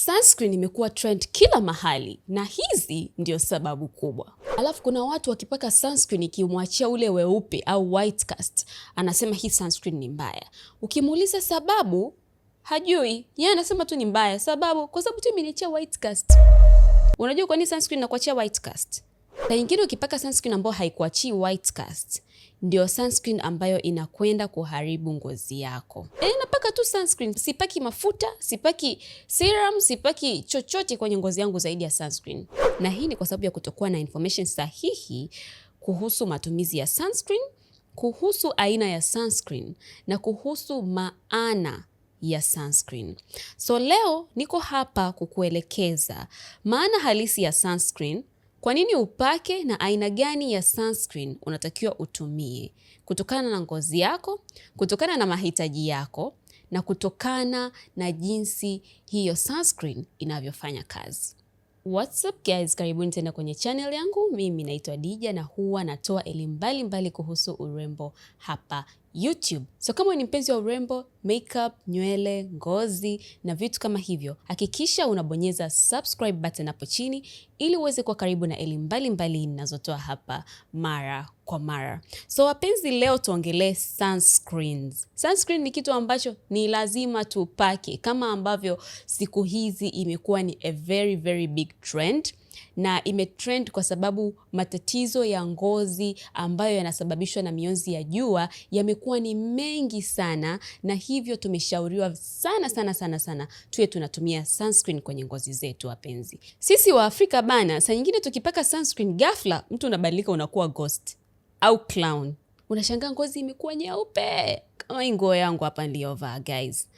Sunscreen imekuwa trend kila mahali na hizi ndio sababu kubwa. Alafu kuna watu wakipaka sunscreen ikimwachia ule weupe au white cast, anasema hii sunscreen ni mbaya. Ukimuuliza sababu, hajui yeye, anasema tu ni mbaya sababu, kwa sababu tu imeniachia white cast. Unajua kwa nini sunscreen inakuachia white cast? Na nyingine ukipaka sunscreen ambayo haikuachii white cast, ndio sunscreen ambayo inakwenda kuharibu ngozi yako. E, napaka tu sunscreen, sipaki mafuta, sipaki serum, sipaki chochote kwenye ngozi yangu zaidi ya sunscreen. Na hii ni kwa sababu ya kutokuwa na information sahihi kuhusu matumizi ya sunscreen, kuhusu aina ya sunscreen na kuhusu maana ya sunscreen. So leo niko hapa kukuelekeza maana halisi ya sunscreen, kwa nini upake na aina gani ya sunscreen unatakiwa utumie kutokana na ngozi yako, kutokana na mahitaji yako na kutokana na jinsi hiyo sunscreen inavyofanya kazi. What's up guys, karibuni tena kwenye channel yangu. Mimi naitwa Dija na huwa natoa elimu mbalimbali kuhusu urembo hapa YouTube. So kama ni mpenzi wa urembo, makeup, nywele, ngozi na vitu kama hivyo, hakikisha unabonyeza subscribe button hapo chini ili uweze kuwa karibu na elimu mbalimbali ninazotoa hapa mara kwa mara. So wapenzi, leo tuongelee sunscreens. Sunscreen ni kitu ambacho ni lazima tupake, kama ambavyo siku hizi imekuwa ni a very very big trend na imetrend kwa sababu matatizo ya ngozi ambayo yanasababishwa na mionzi ya jua yamekuwa ni mengi sana, na hivyo tumeshauriwa sana sana sana sana tuwe tunatumia sunscreen kwenye ngozi zetu. Wapenzi, sisi wa Afrika bana, saa nyingine tukipaka sunscreen ghafla, mtu unabadilika unakuwa ghost au clown, unashangaa ngozi imekuwa nyeupe kama hii nguo yangu hapa niliyovaa guys.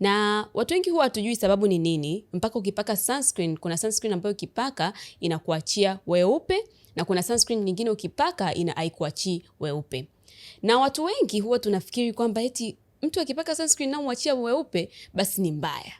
Na watu wengi huwa hatujui sababu ni nini mpaka ukipaka sunscreen. Kuna sunscreen ambayo ukipaka inakuachia weupe na kuna sunscreen nyingine ukipaka ina haikuachii weupe, na watu wengi huwa tunafikiri kwamba eti mtu akipaka sunscreen na mwachia weupe basi ni mbaya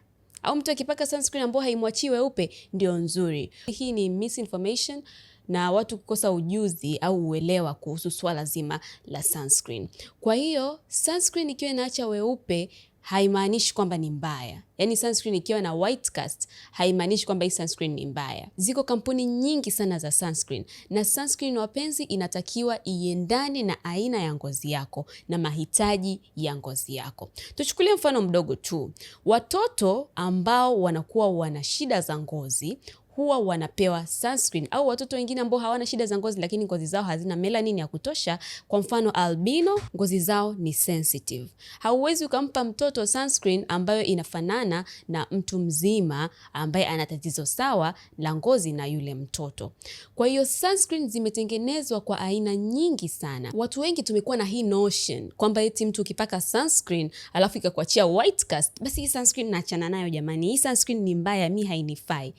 au mtu akipaka sunscreen ambayo haimwachii weupe ndio nzuri. Hii ni misinformation na watu kukosa ujuzi au uelewa kuhusu swala zima la sunscreen. Kwa hiyo sunscreen ikiwa inaacha weupe haimaanishi kwamba ni mbaya. Yaani sunscreen ikiwa na white cast haimaanishi kwamba hii sunscreen ni mbaya. Ziko kampuni nyingi sana za sunscreen, na sunscreen wapenzi, inatakiwa iendane na aina ya ngozi yako na mahitaji ya ngozi yako. Tuchukulie mfano mdogo tu, watoto ambao wanakuwa wana shida za ngozi huwa wanapewa sunscreen au watoto wengine ambao hawana shida za ngozi lakini ngozi zao hazina melanin ya kutosha, kwa mfano albino, ngozi zao ni sensitive. Hauwezi ukampa mtoto sunscreen ambayo inafanana na mtu mzima ambaye ana tatizo sawa la ngozi na yule mtoto. Kwa hiyo sunscreen zimetengenezwa kwa aina nyingi sana. Watu wengi tumekuwa na hii notion kwamba eti mtu ukipaka sunscreen alafu ikakuachia white cast, basi hii sunscreen naachana nayo jamani, hii sunscreen ni mbaya, mi hainifai.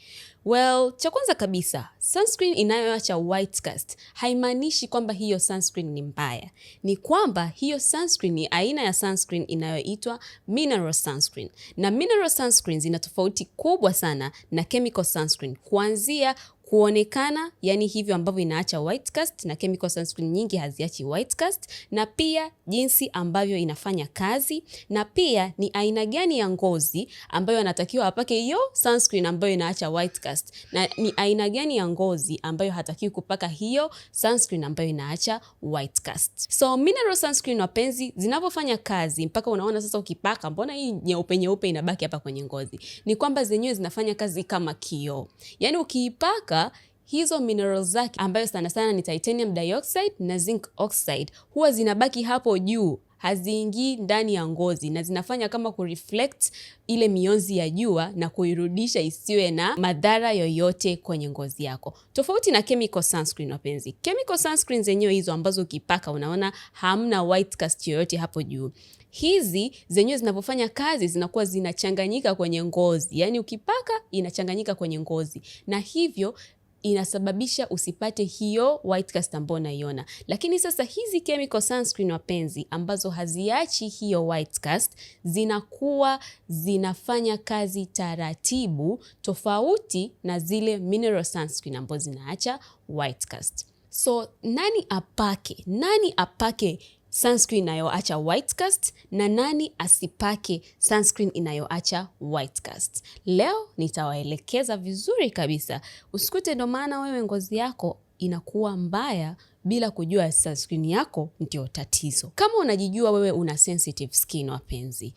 Well, Well, cha kwanza kabisa, sunscreen inayoacha white cast haimaanishi kwamba hiyo sunscreen ni mbaya. Ni kwamba hiyo sunscreen ni aina ya sunscreen inayoitwa mineral sunscreen. Na mineral sunscreen zina tofauti kubwa sana na chemical sunscreen kuanzia kuonekana, yani hivyo ambavyo inaacha white cast, na chemical sunscreen nyingi haziachi white cast, na pia jinsi ambavyo inafanya kazi, na pia ni aina gani ya ngozi ambayo anatakiwa apake hiyo sunscreen ambayo inaacha white cast, na ni aina gani ya ngozi ambayo hatakiwi kupaka hiyo sunscreen ambayo inaacha white cast. So mineral sunscreen wapenzi, zinavyofanya kazi mpaka unaona sasa ukipaka, mbona hii nyeupe nyeupe inabaki hapa kwenye ngozi, ni kwamba zenyewe zinafanya kazi kama kioo, yani ukiipaka kutoka hizo mineral zake ambayo sana sana ni titanium dioxide na zinc oxide huwa zinabaki hapo juu haziingii ndani ya ngozi na zinafanya kama kureflect ile mionzi ya jua na kuirudisha isiwe na madhara yoyote kwenye ngozi yako, tofauti na chemical sunscreen. Wapenzi, chemical sunscreen zenyewe hizo ambazo ukipaka unaona hamna white cast yoyote hapo juu hizi zenyewe zinavyofanya kazi zinakuwa zinachanganyika kwenye ngozi, yaani ukipaka inachanganyika kwenye ngozi na hivyo inasababisha usipate hiyo white cast ambayo unaiona. Lakini sasa hizi chemical sunscreen, wapenzi, ambazo haziachi hiyo white cast, zinakuwa zinafanya kazi taratibu, tofauti na zile mineral sunscreen ambazo zinaacha white cast. So nani apake, nani apake sunscreen inayoacha white cast na nani asipake sunscreen inayoacha white cast. Leo nitawaelekeza vizuri kabisa, usikute. Ndo maana wewe ngozi yako inakuwa mbaya bila kujua sunscreen yako ndio tatizo. Kama unajijua wewe una sensitive skin, wapenzi,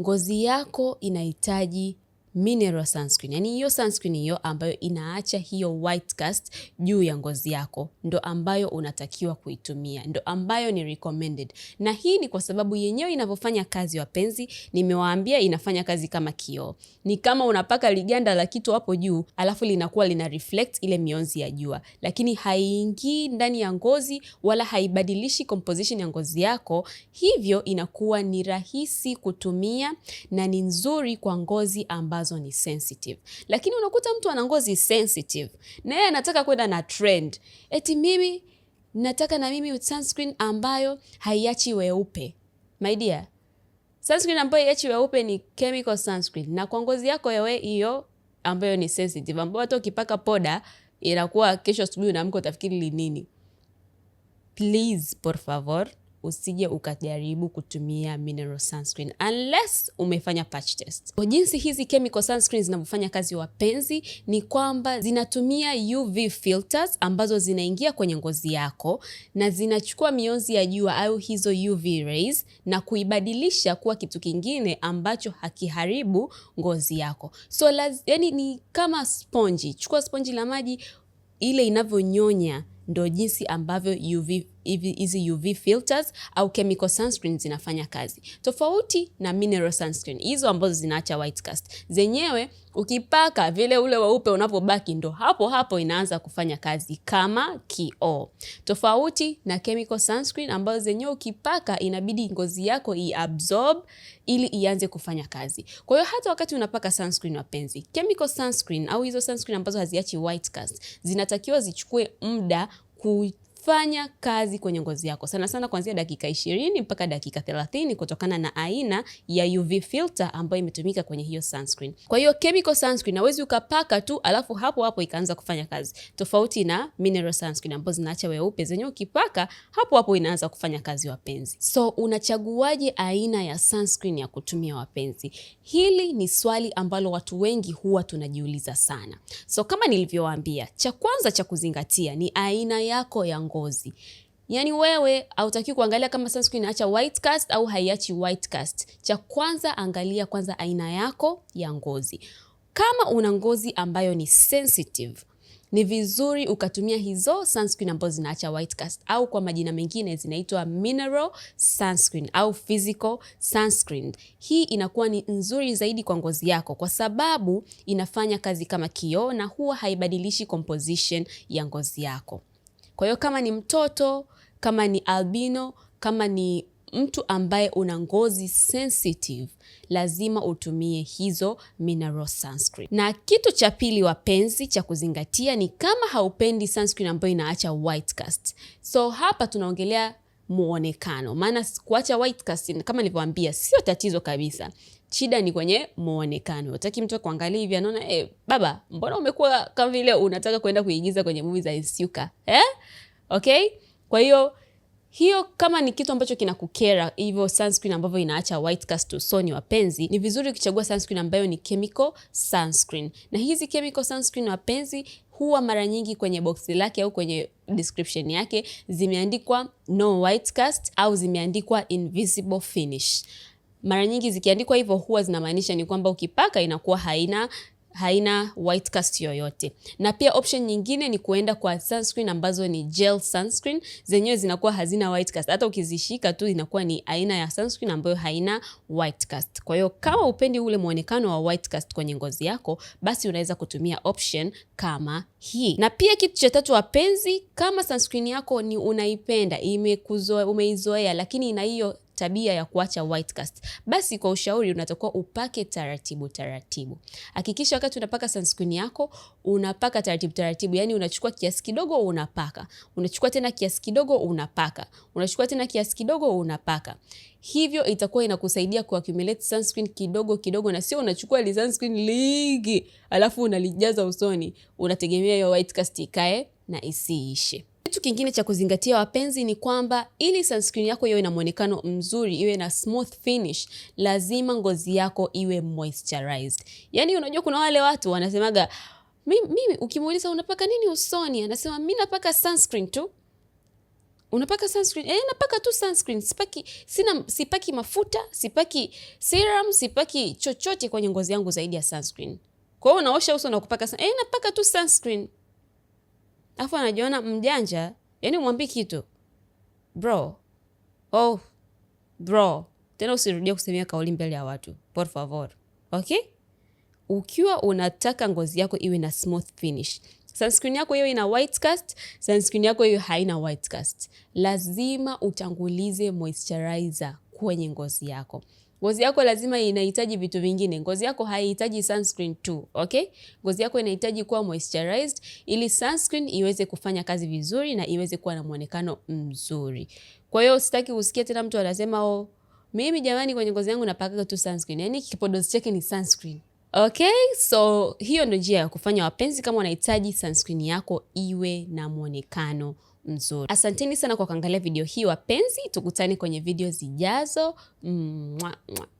ngozi yako inahitaji mineral sunscreen. Yani hiyo sunscreen hiyo ambayo inaacha hiyo white cast juu ya ngozi yako ndo ambayo unatakiwa kuitumia, ndo ambayo ni recommended. Na hii ni kwa sababu yenyewe inavyofanya kazi, wapenzi, nimewaambia inafanya kazi kama kioo. Ni kama unapaka liganda la kitu hapo juu, alafu linakuwa lina reflect ile mionzi ya jua, lakini haiingii ndani ya ngozi wala haibadilishi composition ya ngozi yako, hivyo inakuwa ni rahisi kutumia na ni nzuri kwa ngozi ambazo ambazo ni sensitive. Lakini unakuta mtu ana ngozi sensitive na yeye anataka kwenda na trend, eti mimi nataka na mimi sunscreen ambayo haiachi weupe. My dear, sunscreen ambayo haiachi weupe ni chemical sunscreen, na kwa ngozi yako yewe hiyo ambayo ni sensitive, ambayo hata ukipaka poda inakuwa kesho asubuhi unaamka utafikiri ni nini? Please, por favor usije ukajaribu kutumia mineral sunscreen unless umefanya patch test. Kwa jinsi hizi chemical sunscreen zinavyofanya kazi wapenzi, ni kwamba zinatumia UV filters ambazo zinaingia kwenye ngozi yako na zinachukua mionzi ya jua au hizo UV rays na kuibadilisha kuwa kitu kingine ambacho hakiharibu ngozi yako. So laz, yani ni kama sponji. Chukua sponji la maji, ile inavyonyonya ndo jinsi ambavyo UV hizi UV filters au chemical sunscreen zinafanya kazi tofauti na mineral sunscreen hizo ambazo zinaacha white cast. Zenyewe ukipaka vile ule weupe unapobaki ndo hapo hapo inaanza kufanya kazi kama kioo, tofauti na chemical sunscreen ambazo zenyewe ukipaka inabidi ngozi yako iabsorb ili ianze kufanya kazi. Kwa hiyo hata wakati unapaka sunscreen, wapenzi, chemical sunscreen au hizo sunscreen ambazo haziachi white cast zinatakiwa zichukue muda fanya kazi kwenye ngozi yako sana sana kuanzia dakika 20 mpaka dakika 30 kutokana na aina ya UV filter ambayo imetumika kwenye hiyo sunscreen. Kwa hiyo chemical sunscreen hawezi ukapaka tu alafu hapo hapo ikaanza kufanya kazi, tofauti na mineral sunscreen ambazo zinaacha weupe zenye ukipaka hapo hapo inaanza kufanya kazi, wapenzi. So unachaguaje aina ya sunscreen ya kutumia wapenzi? Hili ni swali ambalo watu wengi huwa tunajiuliza sana. So kama nilivyowaambia, cha kwanza cha kuzingatia ni aina yako ya ngozi. Yaani wewe hautaki kuangalia kama sunscreen inaacha white cast au haiachi white cast. Cha kwanza angalia kwanza aina yako ya ngozi. Kama una ngozi ambayo ni sensitive, ni vizuri ukatumia hizo sunscreen ambazo zinaacha white cast au kwa majina mengine zinaitwa mineral sunscreen au physical sunscreen. Hii inakuwa ni nzuri zaidi kwa ngozi yako kwa sababu inafanya kazi kama kioo na huwa haibadilishi composition ya ngozi yako. Kwa hiyo kama ni mtoto, kama ni albino, kama ni mtu ambaye una ngozi sensitive, lazima utumie hizo mineral sunscreen. Na kitu cha pili, wapenzi, cha kuzingatia ni kama haupendi sunscreen ambayo inaacha white cast. So hapa tunaongelea muonekano, maana kuacha white casting kama nilivyoambia sio tatizo kabisa. Shida ni kwenye muonekano. Utaki mtu kuangalia hivi anaona eh, baba, mbona umekuwa kama vile unataka kwenda kuigiza kwenye movie za isuka eh? Okay, kwa hiyo hiyo kama ni kitu ambacho kinakukera hivyo sunscreen ambavyo inaacha white cast usoni, wapenzi, ni vizuri kuchagua sunscreen ambayo ni chemical sunscreen. Na hizi chemical sunscreen wapenzi, huwa mara nyingi kwenye boksi lake au kwenye description yake zimeandikwa no white cast au zimeandikwa invisible finish. Mara nyingi zikiandikwa hivyo huwa zinamaanisha ni kwamba ukipaka inakuwa haina haina white cast yoyote. Na pia option nyingine ni kuenda kwa sunscreen ambazo ni gel sunscreen, zenyewe zinakuwa hazina white cast. Hata ukizishika tu inakuwa ni aina ya sunscreen ambayo haina white cast. Kwa hiyo kama upendi ule muonekano wa white cast kwenye ngozi yako, basi unaweza kutumia option kama hii. Na pia kitu cha tatu, wapenzi, kama sunscreen yako ni unaipenda, imekuzoea, umeizoea lakini ina hiyo tabia ya kuacha white cast, basi kwa ushauri unatakiwa upake taratibu taratibu. Hakikisha wakati unapaka sunscreen yako unapaka taratibu taratibu, yani unachukua kiasi kidogo unapaka, unachukua tena kiasi kidogo unapaka, unachukua tena kiasi kidogo unapaka. Hivyo itakuwa inakusaidia ku accumulate sunscreen kidogo kidogo, na sio unachukua ile sunscreen lingi alafu unalijaza usoni, unategemea hiyo white cast ikae na isiishe. Kitu kingine cha kuzingatia wapenzi, ni kwamba ili sunscreen yako iwe na mwonekano mzuri, iwe na smooth finish, lazima ngozi yako iwe moisturized. Yani unajua kuna wale watu wanasemaga, mimi ukimuuliza unapaka nini usoni, anasema mimi napaka sunscreen tu. Unapaka sunscreen? Eh, napaka tu sunscreen. Sipaki, sina, sipaki mafuta, sipaki serum, sipaki chochote kwenye ngozi yangu zaidi ya sunscreen. Kwa hiyo unaosha uso na kupaka, eh, napaka tu sunscreen afu anajiona mjanja, yani umwambi kitu bro, oh bro. Tena usirudia kusemea kauli mbele ya watu por favor, okay? Ukiwa unataka ngozi yako iwe na smooth finish, sunscreen yako hiyo ina white cast, sunscreen yako hiyo haina white cast, lazima utangulize moisturizer kwenye ngozi yako. Ngozi yako lazima inahitaji vitu vingine. Ngozi yako haihitaji sunscreen tu, okay? Ngozi yako inahitaji kuwa moisturized ili sunscreen iweze kufanya kazi vizuri na iweze kuwa na muonekano mzuri. Kwa hiyo sitaki usikie tena mtu anasema oh, mimi jamani kwenye ngozi yangu napaka tu sunscreen. Yaani kipodozi chake ni sunscreen. Okay, so hiyo ndio njia ya kufanya wapenzi, kama unahitaji sunscreen yako iwe na mwonekano mzuri. Asanteni sana kwa kuangalia video hii wapenzi, tukutane kwenye video zijazo. Mwah, mwah.